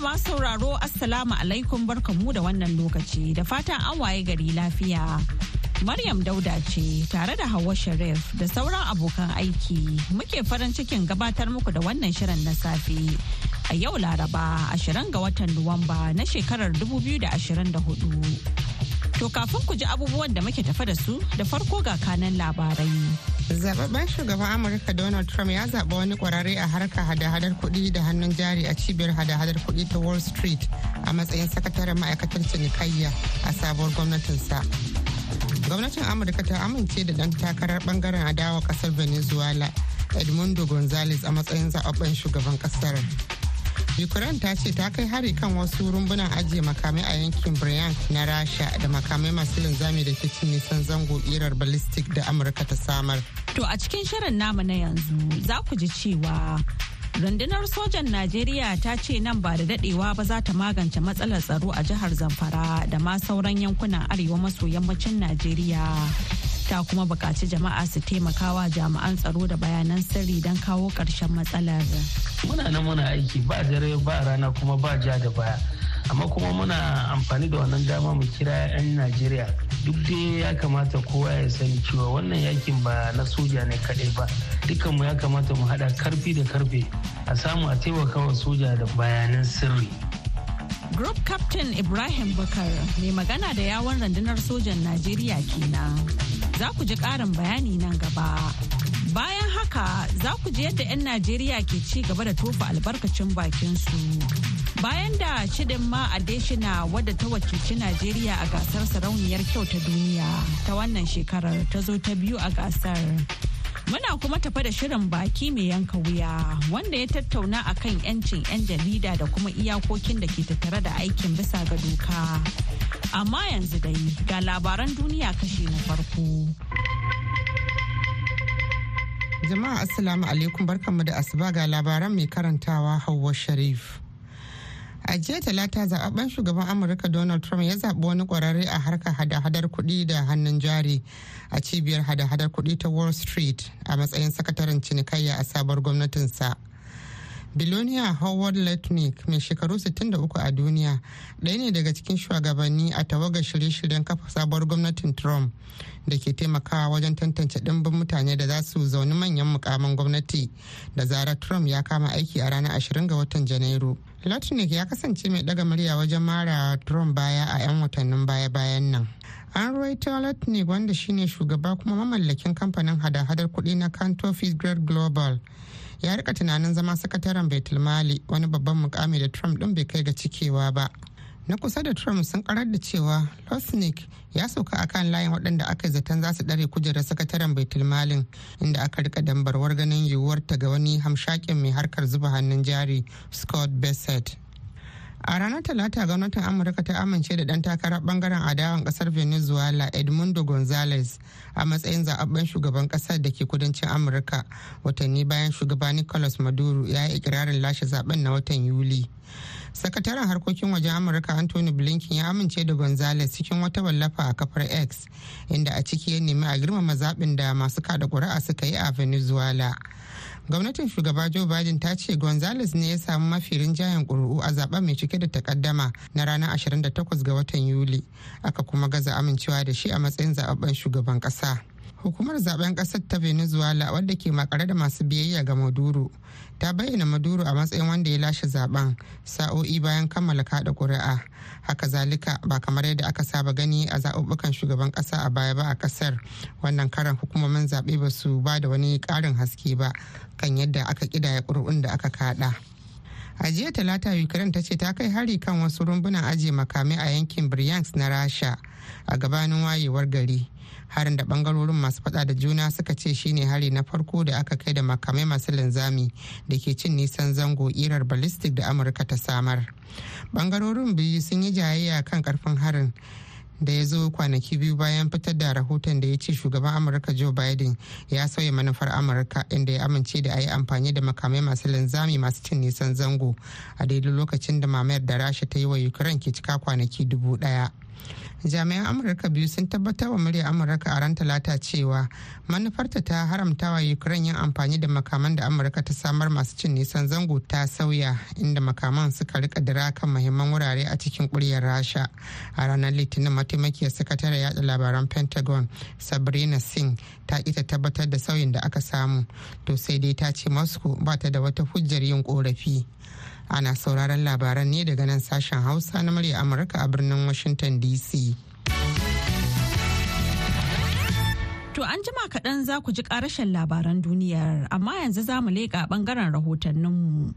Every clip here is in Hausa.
Jama'a masu sauraro Assalamu alaikum barkamu da wannan lokaci da fatan an waye gari lafiya. Maryam Dauda ce tare da Hauwa Sharif da sauran abokan aiki muke farin cikin gabatar muku da wannan shirin na safe. A yau Laraba ashirin ga watan Nuwamba na shekarar 2024. To kafin ku ji abubuwan da muke tafa da su da farko ga kanan labarai. zababben shugaban amurka donald trump ya zaɓi wani ƙwararre a harkar hada-hadar kuɗi da hannun jari a cibiyar hada-hadar kuɗi ta wall street a matsayin sakataren ma'aikatar cinikayya a sabuwar gwamnatinsa gwamnatin amurka ta amince da ɗan takarar ɓangaren adawa ƙasar venezuela edmundo gonzalez a matsayin zaɓaɓɓen shugaban ƙasar ukraine ta ce ta kai hari kan wasu rumbunan ajiye makamai a yankin bryan na rasha da makamai masu linzami da ke cin nisan zango irar ballistic da amurka ta samar to a cikin shirin namu na yanzu za ku ji cewa rundunar sojan najeriya ta ce nan ba da dadewa ba za ta magance matsalar tsaro a jihar zamfara da ma sauran yankunan arewa maso yammacin najeriya ta kuma bukaci jama'a su taimakawa jami'an tsaro da bayanan sirri don kawo karshen matsalar. Muna nan muna aiki ba dare ba rana kuma ba ja da baya. Amma kuma muna amfani da wannan dama mu kira 'yan Najeriya duk dai ya kamata kowa ya sani cewa wannan yakin ba na soja ne kaɗai ba. Dukanmu ya kamata mu haɗa karfi da karfe a samu a taimaka wa soja da bayanan sirri. Group Captain Ibrahim Bakar mai magana da yawon rundunar sojan Najeriya kenan. za ku ji ƙarin bayani nan gaba. Bayan haka za ku ji yadda 'yan Najeriya ke ci gaba da tofa albarkacin bakinsu. Bayan da shidin ma Adeshina wadda ta wakilci Najeriya a gasar sarauniyar kyau ta duniya ta wannan shekarar ta zo ta biyu a gasar. Muna kuma tafa da shirin baki mai yanka wuya wanda ya tattauna a kan 'yancin 'yan jarida da kuma iyakokin da ke tattare da aikin bisa ga doka. Amma yanzu dai ga labaran duniya kashe na farko. Jama'a Assalamu alaikum barkanmu da asuba ga labaran mai karantawa Hauwa Sharif. a jiya talata zababben shugaban amurka donald trump ya zaɓi wani ƙwararre a harkar hada-hadar kuɗi da hannun jari a cibiyar hada-hadar kuɗi ta wall street a matsayin sakataren cinikayya a sabuwar gwamnatinsa Bilonia Howard Letnick mai shekaru 63 a duniya ɗaya ne daga cikin shugabanni a tawagar shirye-shiryen kafa sabuwar gwamnatin Trump da ke taimakawa wajen tantance ɗimbin mutane da za su zauni manyan mukamin gwamnati da zarar Trump ya kama aiki a ranar 20 ga watan Janairu. Letnick ya kasance mai ɗaga murya wajen mara Trump baya a 'yan watannin baya-bayan nan. an ruwaito latnik wanda shine shugaba kuma mamallakin kamfanin hada-hadar kuɗi na canto Fitzgerald global ya rika tunanin zama sakataren mali wani babban mukami da trump din bai kai ga cikewa ba na kusa da trump sun karar da cewa losnick ya sauka a kan layin waɗanda aka yi zaton za su ɗare kujerar sakataren bitl-malin inda aka rika dambarwar ganin yiwuwar ta ga wani hamshakin mai harkar zuba hannun jari scott bassett a ranar talata gwamnatin amurka ta amince da ɗan takarar ɓangaren adawan ƙasar venezuela edmundo gonzalez a matsayin zaɓaɓɓen shugaban ƙasar da ke kudancin amurka watanni bayan shugaba nicolas maduro ya yi ikirarin lashe zaben na watan yuli sakataren harkokin wajen amurka anthony blinken ya amince da gonzales cikin wata wallafa a kafar x inda a ciki ya nemi a girmama zaɓin da masu kada ƙuri'a suka yi a venezuela gwamnatin shugaba joe biden ta ce gonzales ne ya samu mafi rinjayen ƙuri'u a zaben mai cike da takaddama na ranar 28 ga watan yuli aka kuma gaza amincewa da shi a matsayin zababben shugaban ƙasa hukumar zaben kasar ta venezuela wadda ke makare da masu biyayya ga maduro ta bayyana maduro a matsayin wanda ya lashe zaben sa'o'i bayan kammala kada kuri'a haka zalika ba kamar yadda aka saba gani a zaɓuɓɓukan shugaban ƙasa a baya ba a ƙasar wannan karan hukumomin zaɓe ba su ba da wani ƙarin haske ba kan yadda aka ƙidaya ƙuri'un da aka kaɗa. a jiya talata ukraine ta ce ta kai hari kan wasu rumbunan ajiye makamai a yankin bryansk na rasha a gabanin wayewar gari harin da bangarorin masu fada da juna suka ce shine hari na farko da aka kai da makamai masu linzami da ke cin nisan zango irar ballistic da amurka ta samar bangarorin biyu sun yi jayayya kan karfin harin da ya zo kwanaki biyu bayan fitar da rahoton da ya ce shugaban amurka joe biden ya sauya manufar amurka inda ya amince da a yi amfani da makamai masu linzami masu cin nisan zango a daidai lokacin da mamayar da rasha ta yi wa ukraine ke cika kwanaki dubu daya jami'an amurka biyu sun tabbatar wa murya amurka a ran talata cewa manufarta ta haramta wa ukraine yin amfani da makaman da amurka ta samar masu cin nisan zango ta sauya inda makaman suka rika dira kan mahimman wurare a cikin kuryar rasha a ranar litinin mataimakiyar sakatare yada labaran pentagon sabrina singh ta ita tabbatar da sauyin da aka samu to sai dai ta ce moscow ba ta da wata hujjar yin korafi ana sauraron labaran ne daga nan sashen hausa na murya amurka a birnin washington dc To an jima kaɗan za ku ji ƙarashin labaran duniyar amma yanzu za mu leƙa ɓangaren rahotanninmu.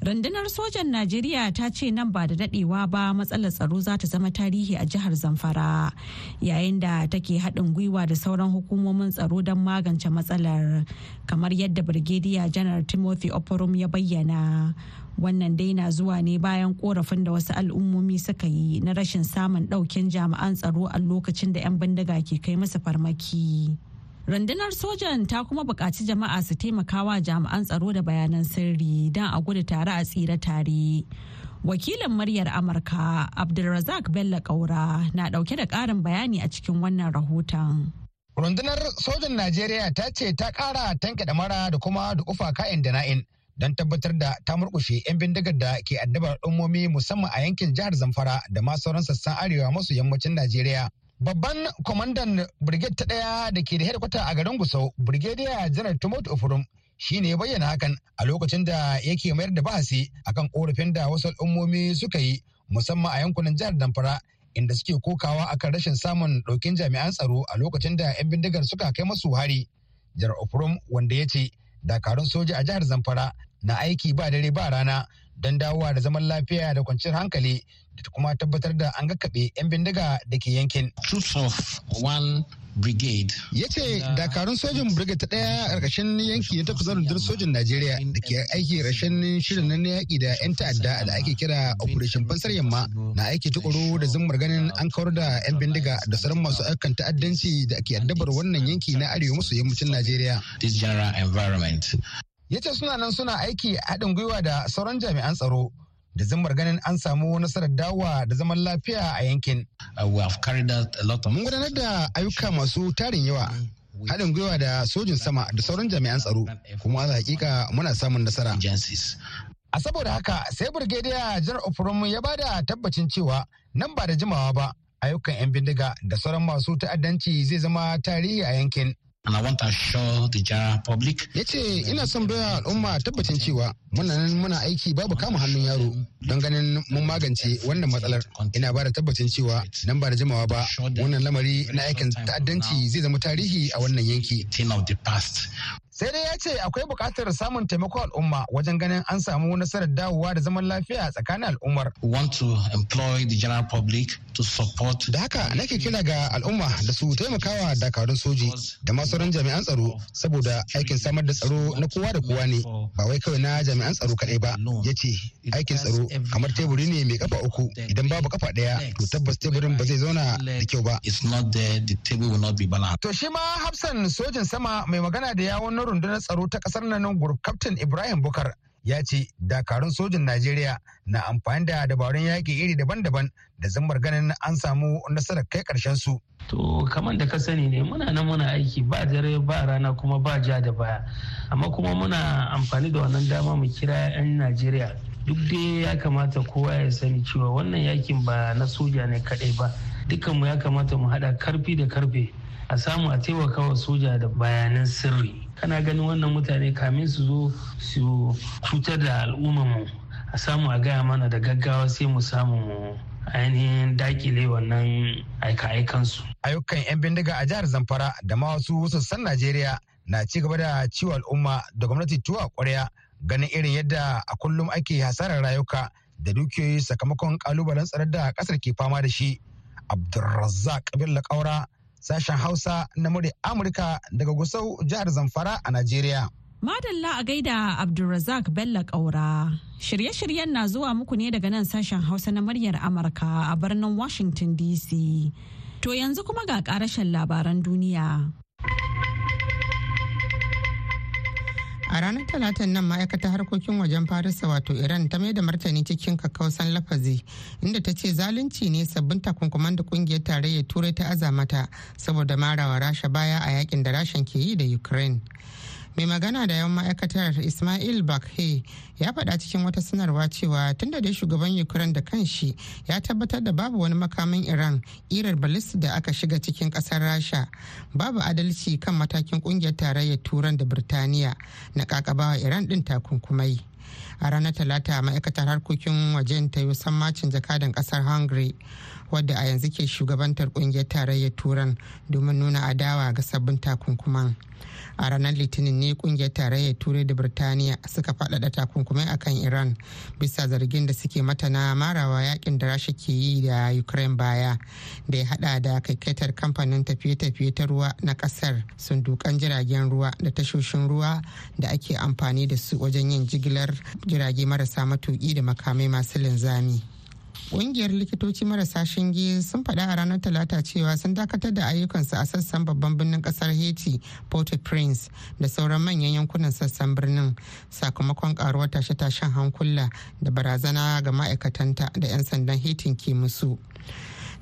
Rundunar sojan Najeriya ta ce nan ba da daɗewa ba matsalar tsaro za ta zama tarihi a jihar Zamfara yayin da take haɗin gwiwa da sauran hukumomin tsaro don magance matsalar kamar yadda Birgediya Janar Timothy Oporum ya bayyana. wannan dai na zuwa ne bayan korafin da wasu al'ummomi suka yi na rashin samun ɗaukin jami'an tsaro a lokacin da 'yan bindiga ke kai masa farmaki rundunar sojan ta kuma buƙaci jama'a su taimakawa jami'an tsaro da bayanan sirri don a gudu tare a tsira tare wakilin muryar amurka abdulrazak bello kaura na ɗauke da ƙarin bayani a cikin wannan rahoton rundunar sojan najeriya ta ce ta ƙara tanke da mara da kuma da ufa ka'in da na'in don tabbatar da ta murkushe 'yan bindigar da ke addabar al'ummomi musamman a yankin jihar zamfara da ma sauran sassan arewa masu yammacin najeriya babban kwamandan brigade ta ɗaya da ke da hedikwata a garin gusau brigadier janar tumut ofurum shi ne bayyana hakan a lokacin da yake mayar da bahasi akan korafin da wasu al'ummomi suka yi musamman a yankunan jihar Zamfara, inda suke kokawa akan rashin samun ɗaukin jami'an tsaro a lokacin da 'yan bindigar suka kai masu hari jar ofurum wanda ya ce dakarun soja a jihar zamfara na aiki ba dare ba rana don dawowa da zaman lafiya da kwanciyar hankali da kuma tabbatar da an ga kabe 'yan bindiga da ke yankin. brigade ya ce dakarun sojin brigade ta daya ƙarƙashin yanki na takwas rundunar sojin najeriya da ke aiki rashin shirin na yaƙi da 'yan ta'adda da ake kira operation fansar yamma na aiki tukuru da zimmar ganin an kawar da 'yan bindiga da sauran masu aikan ta'addanci da ke addabar wannan yanki na arewa maso yammacin najeriya ya ce suna nan suna aiki haɗin gwiwa da sauran jami'an tsaro da zimmar ganin an samu nasarar dawa da zaman lafiya a yankin. Uh, Mun gudanar da ayyuka masu tarin yawa haɗin gwiwa da sojin sama da sauran jami'an tsaro kuma a hakika muna samun nasara. A saboda haka sai Birgediya Janar Ofurumu ya ba da tabbacin cewa nan ba da jimawa ba ayyukan 'yan bindiga da sauran masu ta'addanci zai zama tarihi a yankin and I want to assure the general public. Ya ina son baiwa al'umma tabbacin cewa muna nan muna aiki babu kama hannun yaro don ganin mun magance wannan matsalar. Ina bada tabbacin cewa nan ba da jimawa ba wannan lamari na aikin ta'addanci zai zama tarihi a wannan yanki. sai dai ya ce akwai bukatar samun taimakon al'umma wajen ganin an samu nasarar dawowa da zaman lafiya tsakanin al'ummar. want to employ the general public to support. da haka nake kira ga al'umma da su taimakawa dakarun soji da masu ran jami'an tsaro saboda aikin samar da tsaro na kowa da kowa ne ba wai kawai na jami'an tsaro kaɗai ba ya ce aikin tsaro kamar teburi ne mai kafa uku idan babu kafa ɗaya to tabbas teburin ba zai zauna da kyau ba. it's not there the table will not be balanced. to shi ma hafsan sojin sama mai magana da yawon rundunar tsaro ta kasar nan gur captain ibrahim bukar ya ce dakarun sojin najeriya na amfani da dabarun yaki iri daban-daban da zambar ganin an samu nasarar kai karshen su. to kamar da ka sani ne muna nan muna aiki ba dare ba rana kuma ba ja da baya amma kuma muna amfani da wannan dama mu kira 'yan najeriya duk dai ya kamata kowa ya sani cewa wannan yakin ba na soja ne kadai ba dukkanmu ya kamata mu haɗa karfi da karfe a samu a taimaka wa soja da bayanan sirri kana ganin wannan mutane kamin su zo su cutar da al'ummar mu a samu a gaya mana da gaggawa sai mu samu mu ainihin dakile wannan aika-aikansu. Ayyukan 'yan bindiga a jihar Zamfara da ma wasu sassan Najeriya na ci gaba da ciwo al'umma da gwamnati tuwa ƙwarya ganin irin yadda a kullum ake hasarar rayuka da dukiyoyi sakamakon kalubalen tsarar da kasar ke fama da shi. Abdulrazzaq bin Kaura sashen Hausa na murya Amurka daga Gusau jihar Zamfara a Najeriya. Madalla a gaida Abdulrazak Bello Kaura. Shirye-shiryen na zuwa muku ne daga nan sashen Hausa na muryar Amurka a birnin Washington DC. To yanzu kuma ga karashen labaran duniya. a ranar talatin nan ma'aikatar harkokin wajen farisa wato iran ta mai da martani cikin kakkausan lafazi inda ta ce zalunci ne sabbin takunkuman da kungiyar tarayyar turai ta azamata saboda marawa rasha baya a yakin da rashan ke yi da ukraine mai magana da yawan ma'aikatar ismail bakhe ya faɗa cikin wata sanarwa cewa tun da shugaban ukraine da kanshi ya tabbatar da babu wani makamin iran irar balis da aka shiga cikin ƙasar rasha babu adalci kan matakin ƙungiyar tarayyar turan da birtaniya na kakabawa iran ɗin takunkumai a ranar talata ma'aikatar harkokin wajen ta yi sammacin jakadan kasar hungary wadda a yanzu ke shugabantar kungiyar tarayyar turan domin nuna adawa ga sabbin takunkuman a ranar litinin ne kungiyar tarayyar turai da birtaniya suka faɗaɗa takunkumai akan iran bisa zargin da suke mata na marawa yakin da rasha ke yi da ukraine baya da ya hada da kaikaitar kamfanin tafiye-tafiye ta ruwa na kasar sundukan jiragen ruwa da tashoshin ruwa da ake amfani da su wajen yin jigilar jirage marasa matuƙi da makamai masu linzami ƙungiyar likitoci marasa shinge sun faɗa a ranar talata cewa sun dakatar da ayyukansu a sassan babban birnin ƙasar haiti port-au-prince da sauran manyan yankunan sassan birnin sakamakon ƙaruwar tashe-tashen hankula da barazana ga ma'aikatanta da 'yan sandan Haiti ke musu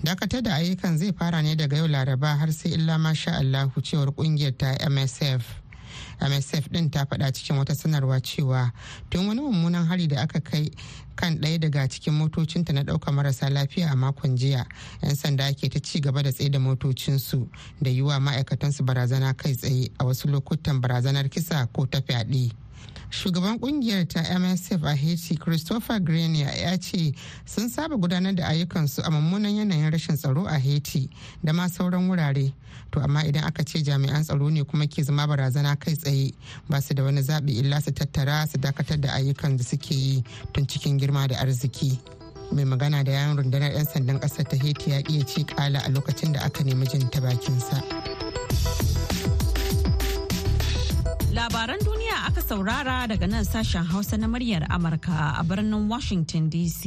dakatar da ayyukan zai fara ne daga yau laraba har sai illa masha allahu cewar ƙungiyar ta msf msf din ta faɗa cikin wata sanarwa cewa tun wani mummunan hari da aka kai kan ɗaya daga cikin motocinta na ɗaukar marasa lafiya a makon jiya 'yan sanda ke ta ci gaba da tsaye da motocinsu da yi wa ma'aikatansu barazana kai tsaye a wasu lokutan barazanar kisa ko ta fyaɗe. shugaban kungiyar ta msf a haiti christopher grenier ya ce sun saba gudanar da ayyukansu a mummunan yanayin rashin tsaro a haiti da ma sauran wurare to amma idan aka ce jami'an tsaro ne kuma ke zama barazana kai tsaye ba su da wani zaɓi illa su tattara su dakatar da ayyukan da suke yi tun cikin girma da arziki mai magana da yayin rundunar 'yan sandan ƙasar ta heti ya iya ci kala a lokacin da aka nemi jin ta bakinsa labaran duniya aka saurara daga nan sashen hausa na muryar amurka a birnin washington dc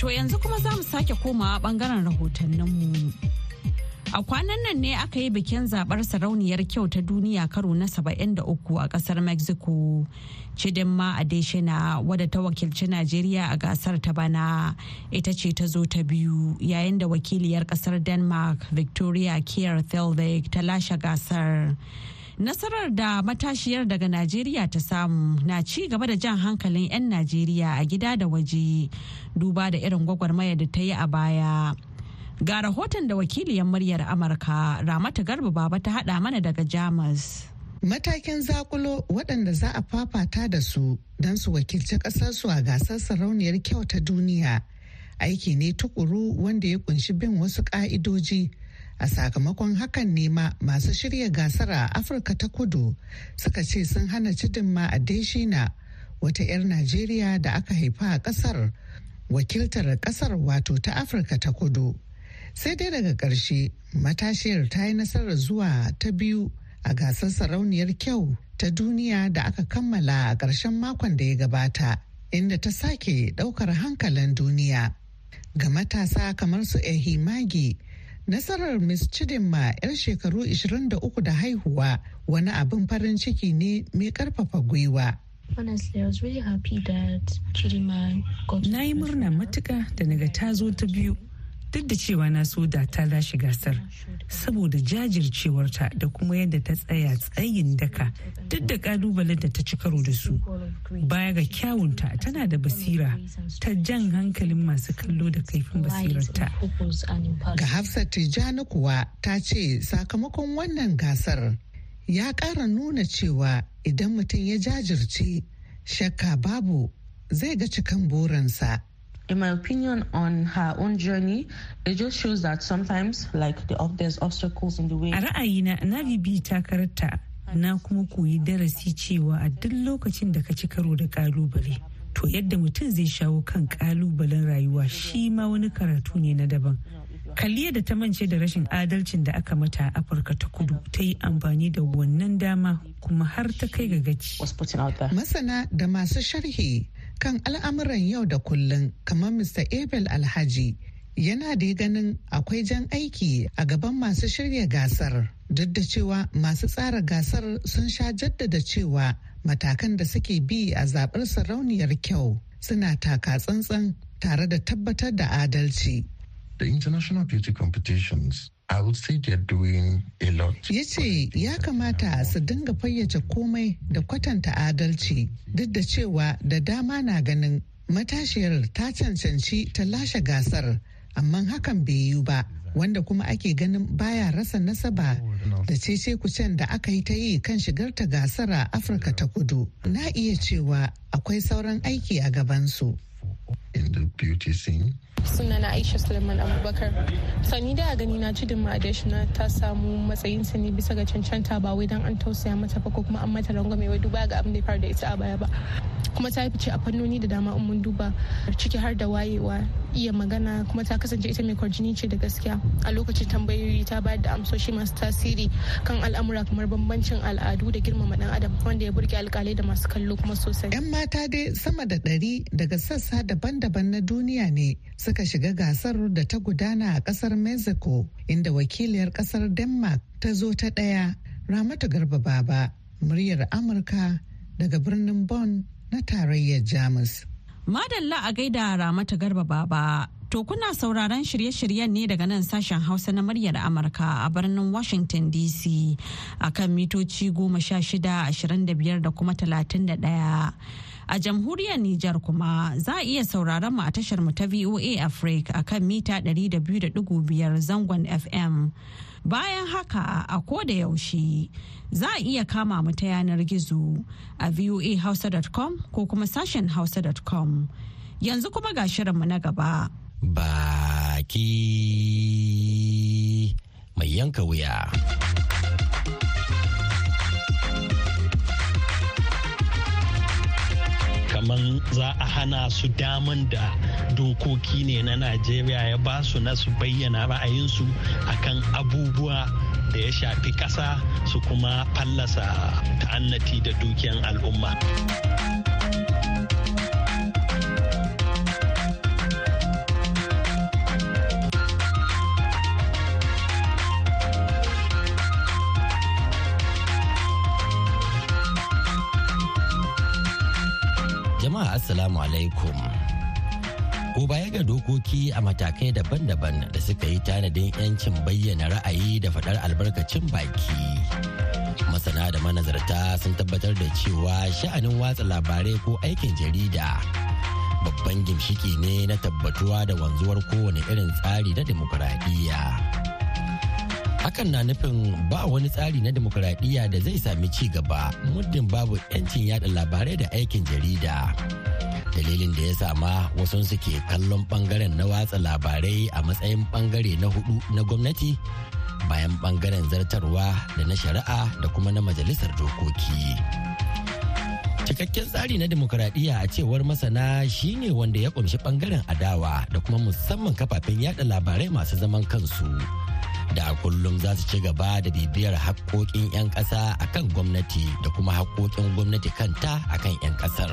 To yanzu kuma za mu sake komawa bangaren rahotanninmu. A kwanan nan ne aka yi bikin zabar sarauniyar kyau ta duniya karo na 73 a kasar Mexico. Chidinma Adeshina wadda ta wakilci Najeriya a gasar ta bana ita ce ta zo ta biyu yayin da wakiliyar kasar Denmark Victoria Kier Thelvig ta lashe gasar. Nasarar da matashiyar daga Najeriya ta samu na ci gaba da jan hankalin 'yan Najeriya a gida da waje duba da irin gwagwarmaya da ta yi a baya. Ga rahoton da wakiliyar muryar Amurka Ramatu Garba Baba ta haɗa mana daga Jamus. Matakin zakulo waɗanda za a fafata da su don su wakilci ƙasarsu a gasar sarauniyar kyau ta duniya. Aiki ne tukuru wanda ya kunshi bin wasu ƙa'idoji a sakamakon hakan ne ma masu shirya gasar a afirka ta kudu suka ce sun hana cidin ma a deshina wata 'yar najeriya da aka haifa a kasar wakiltar kasar wato ta afirka ta kudu sai dai daga ƙarshe matashiyar ta yi nasarar zuwa ta biyu a gasar sarauniyar kyau ta duniya da aka kammala a ƙarshen makon da ya gabata inda ta sake ɗaukar hankalin duniya ga matasa kamar su ehimagi Nasarar Miss Chidinma 'yar shekaru 23 da haihuwa wani abin farin ciki ne mai karfafa gwiwa. Na yi murna matuka da naga ta zo ta biyu duk da cewa na so ta lashe gasar saboda jajircewarta da kuma yadda ta tsaya tsayin daka duk da kalubalen da ta ci karo da su baya ga kyawunta tana da basira ta jan hankalin masu kallo da kaifin basirarta ga hafsa tijjani kuwa ta ce sakamakon wannan gasar ya ƙara nuna cewa idan mutum ya jajirce shakka babu zai ga cikan burinsa in my opinion, on her own journey, it just shows that sometimes, like, the, there's obstacles in the way. A ra'ayina, na bibi takararta, na kuma koyi darasi cewa a duk lokacin da ka ci karo da kalubale. To yadda mutum zai shawo kan kalubalen rayuwa shi ma wani karatu ne na daban. Kaliya da ta mance da rashin adalcin da aka mata a Afirka ta kudu ta yi amfani da wannan dama kuma har ta kai ga gaci. Masana da masu sharhi kan al'amuran yau da kullun, kamar Mr. Abel Alhaji yana da ganin akwai jan aiki a gaban masu shirya gasar duk da cewa masu tsara gasar sun sha jaddada cewa matakan da suke bi a zaɓar sarauniyar kyau suna taka tsantsan tare da tabbatar da adalci. The international beauty competitions I would say they're doing Ya ce ya kamata su dinga fayyace komai da kwatanta adalci duk da cewa da dama na ganin matashiyar ta cancanci ta lashe gasar amma hakan bai yiwu ba wanda kuma ake ganin baya rasa nasaba da cece kucen da aka yi ta yi kan shigar ta gasar a Afirka ta kudu. Na iya cewa akwai sauran aiki a gabansu. In suna na aisha suleiman abubakar sani da gani na ci cidin na ta samu matsayin ta ne bisa ga cancanta ba wai dan an tausaya mata ba ko kuma an mata rangwame wai duba ga abin da ya faru da ita a baya ba kuma ta fice a fannoni da dama in mun duba ciki har da wayewa iya magana kuma ta kasance ita mai kwarjini ce da gaskiya a lokacin tambayoyi ta bayar da amsoshi masu tasiri kan al'amura kamar bambancin al'adu da girmama dan adam wanda ya burge alkalai da masu kallo kuma sosai yan mata dai sama da ɗari daga sassa daban-daban na duniya ne suka shiga gasar da ta gudana a ƙasar mexico inda wakiliyar ƙasar denmark ta zo ta ɗaya ramatu garba baba muryar amurka daga birnin bon. na tarayyar Jamus. Madalla a gaida ramata Garba Baba. To kuna sauraron shirye-shiryen ne daga nan sashen Hausa na muryar Amurka a birnin Washington DC akan mitoci goma sha shida ashirin da biyar da kuma talatin da ɗaya. A jamhuriyar Nijar kuma za a iya sauraron mu a tashar mu ta VOA Africa a kan mita 200.5 zangon FM. Bayan haka a koda yaushe za a iya kama mu ta yanar gizo a voahausa.com ko kuma sashen hausa.com. Yanzu kuma ga shirinmu na gaba. Baki mai yanka wuya. kamar za a hana su daman da dokoki ne na najeriya ya ba su na su bayyana ra'ayinsu akan abubuwa da ya shafi ƙasa su kuma fallasa ta'annati da dukiyan al'umma. Jama'a Assalamu alaikum. Ko baya ga dokoki a matakai daban-daban da suka yi tanadin 'yancin bayyana ra'ayi da faɗar albarkacin baki. Masana da manazarta sun tabbatar da cewa sha'anin watsa labarai ko aikin jarida babban gimshiki ne na tabbatuwa da wanzuwar kowane irin tsari na dimokuraɗiyya. hakan na nufin ba wani tsari na demokuraɗiyya da zai sami ci gaba muddin babu 'yancin yada labarai da aikin jarida dalilin da ya sama wasu suke kallon bangaren na watsa labarai a matsayin bangare na hudu na gwamnati bayan bangaren zartarwa da na shari'a da kuma na majalisar dokoki cikakken tsari na demokuraɗiyya a cewar masana shine wanda ya kunshi bangaren adawa da kuma musamman kafafen yada labarai masu zaman kansu da kullum za su ci gaba da bibiyar haƙƙoƙin 'yan ƙasa a kan gwamnati da kuma haƙƙoƙin gwamnati kanta a kan 'yan ƙasar.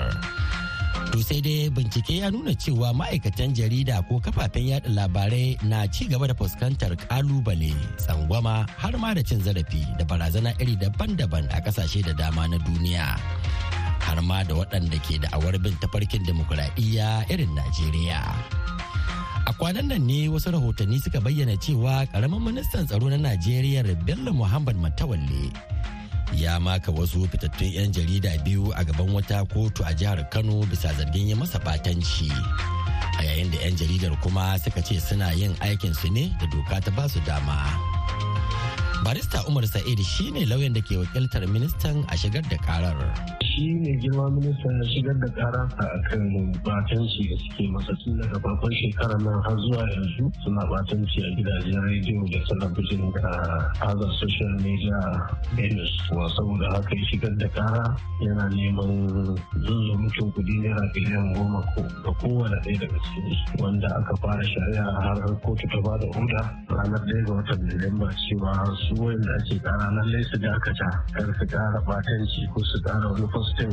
To sai dai bincike ya nuna cewa ma'aikatan jarida ko kafafen yada labarai na ci gaba da fuskantar kalubale tsangwama har ma da cin zarafi da barazana iri daban-daban a ƙasashe da dama na duniya. Har ma da waɗanda ke da awarbin tafarkin dimokuraɗiyya irin Najeriya. A kwanan nan ne wasu rahotanni suka bayyana cewa karamin ministan tsaro na Najeriya Bello Muhammad Matawalle ya maka wasu fitattun 'yan jarida biyu a gaban wata kotu a jihar Kano bisa zargin ya masa batanci. A yayin da 'yan jaridar kuma suka ce suna yin aikinsu ne da doka ta basu dama. barista umar sa'id ne lauyan da ke wakiltar ministan a shigar da karar shi ne girma ministan ya shigar da kara a kan batanci da suke masa tun daga babban shekarar nan har zuwa yanzu suna batanci a gidajen rediyo da talabijin da other social media news wa saboda haka ya shigar da kara yana neman zuzumucin kudi naira biliyan goma ko ga kowane ɗaya daga cikin wanda aka fara shari'a har kotu ta ba da oda ranar ɗaya ga watan Nuwamba cewa su wanda ake kara lallai su dakata kar su kara batanci ko su kara wani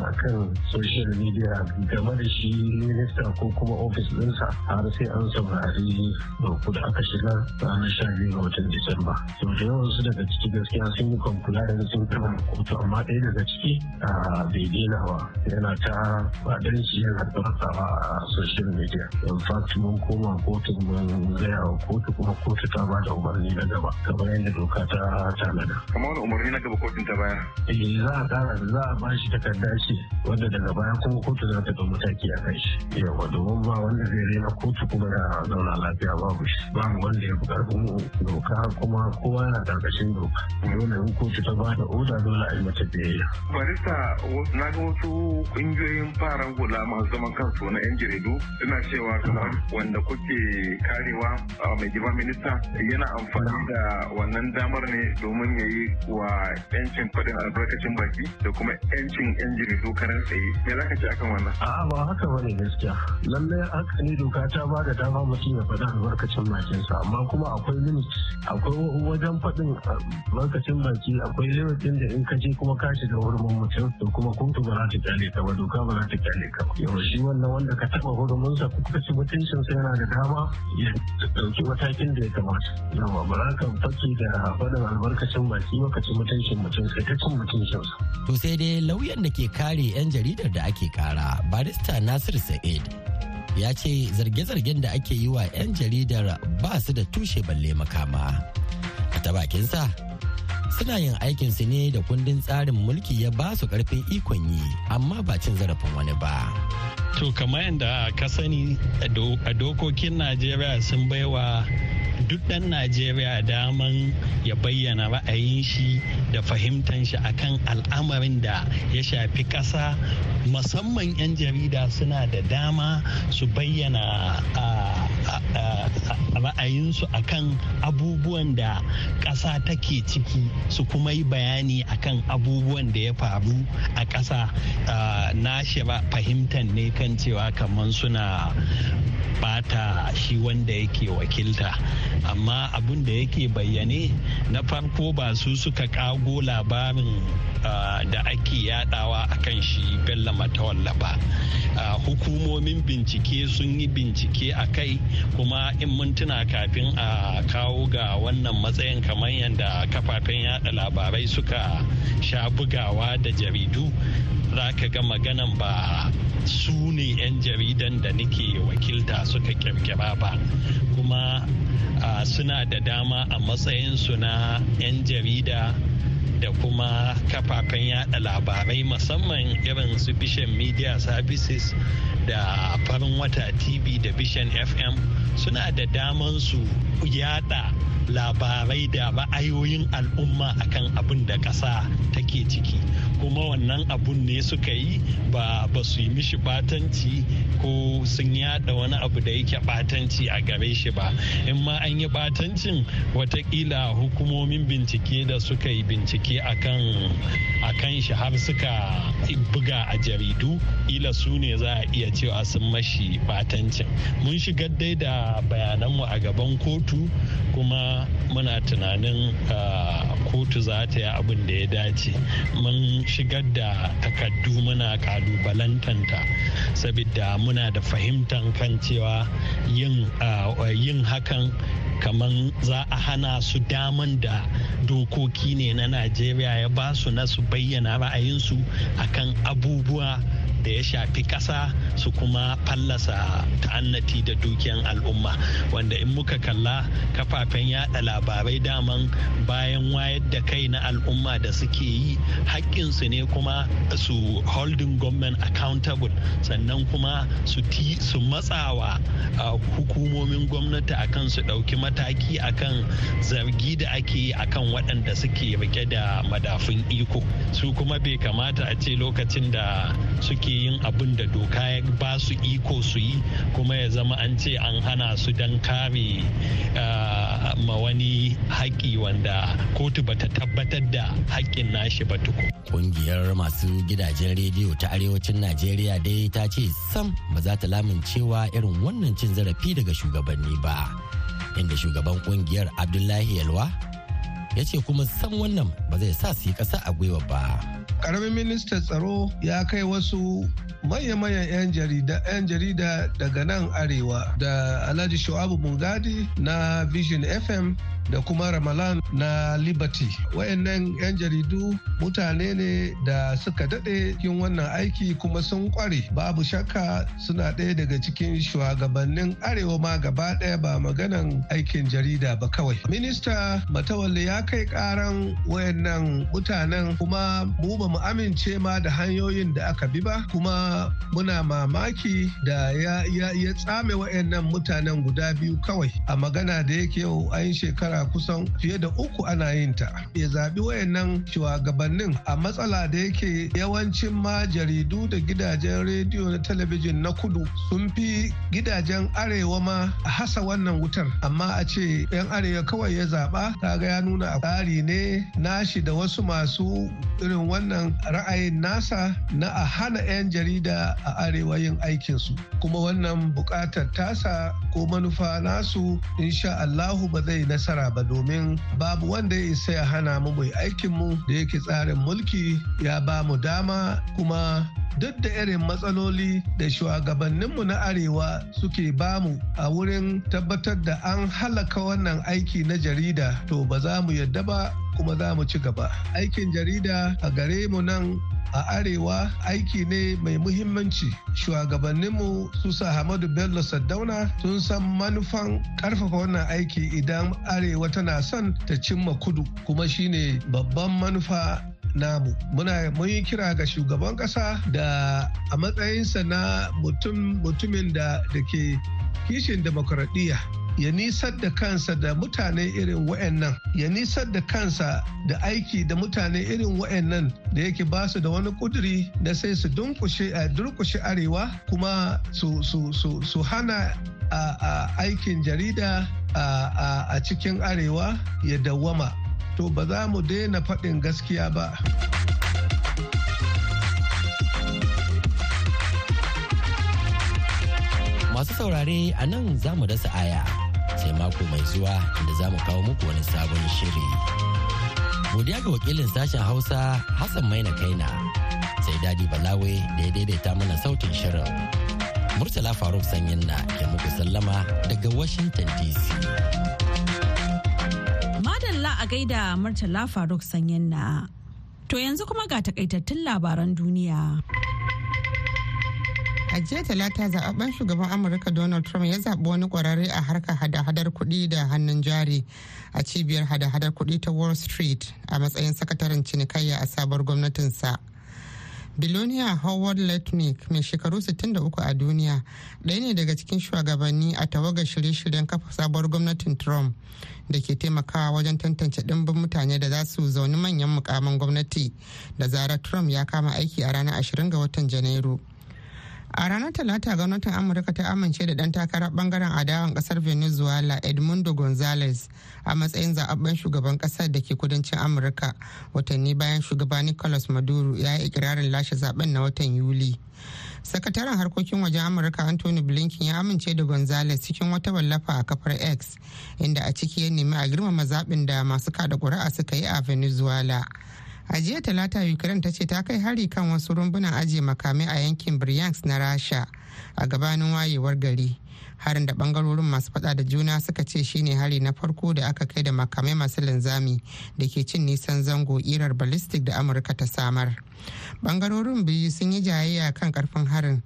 a kan social media game da shi minista ko kuma ofis ɗinsa har sai an saurari doku da aka shiga ranar sha biyu ga watan disamba to da yawan su daga ciki gaskiya sun yi kwankula da sun kama kotu amma ɗaya daga ciki a bai ba yana ta batanci yana ɗaukawa a social media in fact mun koma kotu mun gaya wa kotu kuma kotu ta ba da umarni na gaba kamar yadda doka ta tanada. Kamar wani umarni na gaba kotun ta baya? Eh za a kara za a ba shi takarda ce wanda daga baya kuma kotu za ta mataki a kai shi. Yawa domin ba wanda zai rena kotu kuma ya zauna lafiya babu shi. Babu wanda ya fi ƙarfin doka kuma kowa yana ƙarƙashin doka. Dole in kotu ta ba da oda dole a yi mata biyayya. Barista na ga wasu ƙungiyoyin faran hula masu zaman kansu na 'yan jaridu Ina cewa kamar wanda kuke karewa mai girma minista yana amfani da wannan damar ne domin ya yi wa 'yancin faɗin albarkacin baki da kuma 'yancin 'yan jirgin karan tsaye ya lakaci akan wannan a'a ba haka bane gaskiya lallai haka ne doka ta ba da dama mutum ya faɗi albarkacin sa amma kuma akwai limit akwai wajen faɗin albarkacin baki akwai limit din da in ka je kuma ka shiga hurumin mutum to kuma kotu ba za ta kyale ka ba doka ba za ta kyale ka ba yau shi wannan wanda ka taɓa hurumunsa ko ka ci sa yana da dama ya ɗauki matakin da ya kamata yawa ba za ka fake da faɗin faɗin albarkacin baki lokacin mutuncin mutum sai ta cin mutuncinsa. To sai dai lauyan da ke kare 'yan jaridar da ake kara barista Nasir Sa'id ya ce zarge-zargen da ake yi wa 'yan jaridar ba su da tushe balle makama. A ta bakinsa suna yin aikinsu ne da kundin tsarin mulki ya ba su karfin ikon yi amma ba cin zarafin wani ba. To kamar yadda ka sani a dokokin Najeriya sun baiwa duk ɗan najeriya daman ya bayyana ra'ayin shi da fahimtar shi akan al'amarin da ya shafi ƙasa musamman 'yan jarida suna da dama su bayyana ra'ayinsu a kan abubuwan da ƙasa take ciki su kuma yi bayani a kan abubuwan da ya faru a ƙasa na fahimtar ne kan cewa kamar suna bata shi wanda yake wakilta amma abin da yake bayyane na farko ba su suka kago labarin da ake yadawa a kan shi bella matawalla ba hukumomin bincike sun yi bincike a kai kuma in mun mintuna kafin a kawo ga wannan matsayin kamar yadda kafafen yada labarai suka sha bugawa da jaridu za ka ga maganan ba su ne 'yan jaridan da nake wakilta suka kirkira ba kuma suna da dama a matsayin su na 'yan jarida da kuma kafafen yada labarai musamman irin su bishan media services da farin wata tv da bishan fm suna da daman su yada labarai da ra'ayoyin al'umma akan abin da ƙasa take ciki kuma wannan abun ne suka yi ba ba su yi mishi batanci ko sun yada wani abu da yake batanci a gare shi ba in ma an yi batancin watakila hukumomin bincike da suka yi bincike a kan shi har suka buga a jaridu ila su ne za a iya cewa sun mashi batancin mun shigar dai da bayananmu a gaban kotu kuma muna tunanin kotu za ta yi abin da ya dace mun shigar da takaddu muna kalubalantanta saboda muna da fahimtan kan cewa yin hakan kamar za a hana su daman da dokoki ne na najeriya ya ba su na su bayyana ra'ayinsu akan abubuwa da ya shafi ƙasa su kuma fallasa ta'annati da dukiyan al'umma wanda in muka kalla kafafen yada labarai daman bayan wayar da kai na al'umma da suke yi haƙƙinsu ne kuma su holding government accountable sannan kuma su ti su matsawa hukumomin gwamnati akan su ɗauki mataki akan zargi da ake yi akan waɗanda suke rike da madafun iko su kuma bai kamata a ce lokacin da suke yin abin da doka ya ba su iko su yi kuma ya zama an ce an hana su don kare ah, ma wani haƙi wanda kotu ta tabbatar da haƙin nashi ba tuku. Ƙungiyar masu gidajen rediyo ta arewacin Najeriya dai ta ce sam ba za ta lamincewa irin wannan cin zarafi daga shugabanni ba. Inda shugaban ƙungiyar Abdullahi Yalwa ya ce kuma san wannan ba zai sa su yi ƙasa a gwiwa ba. Karamin ministan tsaro ya kai wasu manya-manyan 'yan jarida daga nan arewa da Alhaji Shu'abu Bungadi na Vision FM da kuma Ramalan na Liberty. Wayannan 'yan jaridu mutane ne da suka daɗe cikin wannan aiki kuma sun kware, Babu shakka suna ɗaya daga cikin shugabannin arewa ma gaba ɗaya ba maganan aikin jarida ba kawai. Minista Matawalle ya kai ƙaran wayannan mutanen kuma mu ba mu amince ma da hanyoyin da aka bi ba kuma muna mamaki da ya, iya tsame wayannan mutanen guda biyu kawai a magana da yake yau an shekara shekara kusan fiye da uku ana yin ta ya zaɓi wayannan shugabannin a matsala da yake yawancin ma jaridu da gidajen rediyo na talabijin na kudu sun fi gidajen arewa ma a hasa wannan wutar amma a ce 'yan arewa kawai ya zaɓa kaga ya nuna a tsari ne nashi da wasu masu irin wannan ra'ayin nasa na a hana 'yan jarida a arewa yin aikinsu kuma wannan buƙatar tasa ko manufa nasu insha Allahu ba zai nasara nasara ba domin babu wanda ya isa ya hana mu mai aikinmu da yake tsarin mulki ya ba mu dama kuma duk da irin matsaloli da shugabanninmu na arewa suke bamu a wurin tabbatar da an halaka wannan aiki na jarida to ba za mu yadda ba kuma za mu ci gaba aikin jarida a gare mu nan a arewa aiki ne mai muhimmanci shugabanninmu susa hamadu bello Sadauna sun san manufan karfafa wannan aiki idan arewa tana son ta cimma kudu kuma shine babban manufa namu muna mun yi kira ga shugaban kasa da a matsayinsa na mutumin da ke kishin demokradiyya ya nisar da kansa da mutane irin wa'annan ya nisar da kansa da aiki da mutane irin wa'annan da yake ba su da wani kuduri da sai su dunkushe a durkushe arewa kuma su, hana a, aikin jarida a, cikin arewa ya dawwama to ba za mu daina faɗin gaskiya ba. Masu saurare a nan za mu dasa aya sai mako mai zuwa inda za mu kawo muku wani sabon shiri. Godiya ga wakilin sashen Hausa Hassan Maina Kaina sai Dadi Balawe da ya daidaita mana sautin shirin. Murtala Faruk Sanyin na ke muku sallama daga Washington DC. Madalla a gaida Murtala Faruk Sanyin na. To yanzu kuma ga takaitattun labaran duniya. a jiya talata zababben shugaban amurka donald trump ya zaɓi wani ƙwararre a harka hada-hadar kuɗi da hannun jari a cibiyar hada-hadar kuɗi ta wall street a matsayin sakataren cinikayya a sabuwar gwamnatinsa biloniya howard letnick mai shekaru 63 a duniya ɗaya ne daga cikin shugabanni a tawagar shirye-shiryen kafa sabuwar gwamnatin trump da ke taimakawa wajen tantance ɗimbin mutane da za su zauni manyan mukamin gwamnati da zarar trump ya kama aiki a ranar 20 ga watan janairu a ranar talata gwamnatin amurka ta amince da dan takarar bangaren adawan kasar venezuela edmundo gonzalez a matsayin zaɓaɓɓen shugaban kasar da ke kudancin amurka watanni bayan shugaba nicolas maduro ya yi ikirarin lashe zaben na watan yuli sakataren harkokin wajen amurka anthony blinken ya amince da Gonzalez cikin wata wallafa a kafar x inda a ciki ya nemi a girmama zaɓin da masu kada ƙuri'a suka yi a venezuela a jiya talata ukraine ta ce ta kai hari kan wasu rumbunan ajiye makamai a yankin bryansk na rasha a gabanin wayewar gari harin da bangarorin masu fada da juna suka ce shine hari na farko da aka kai da makamai masu linzami da ke cin nisan zango irar ballistic da amurka ta samar bangarorin biyu sun yi jayayya kan karfin harin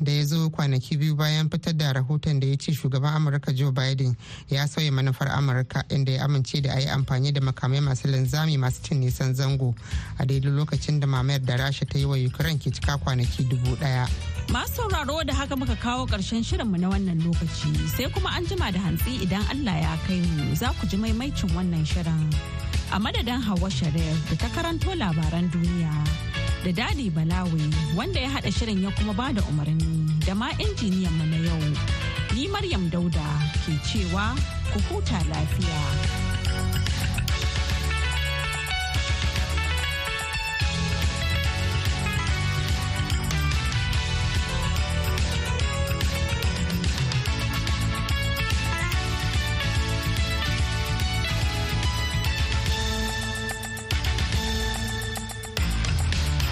da ya zo kwanaki biyu bayan fitar da rahoton da ya ce shugaban amurka joe biden ya sauya manufar amurka inda ya amince da a yi amfani da makamai masu linzami masu cin nisan zango a daidai lokacin da mamayar da rasha ta yi wa ukraine ke cika kwanaki dubu daya masu sauraro da haka muka kawo karshen shirinmu na wannan lokaci sai kuma an jima da hantsi idan allah ya kai mu za ku ji maimaicin wannan shirin a madadin hawa sharif da ta karanto labaran duniya da Dadi Balawe wanda ya haɗa shirin ya kuma bada umarni da ma injiniyan mu na yau. Ni Maryam Dauda ke cewa ku huta lafiya.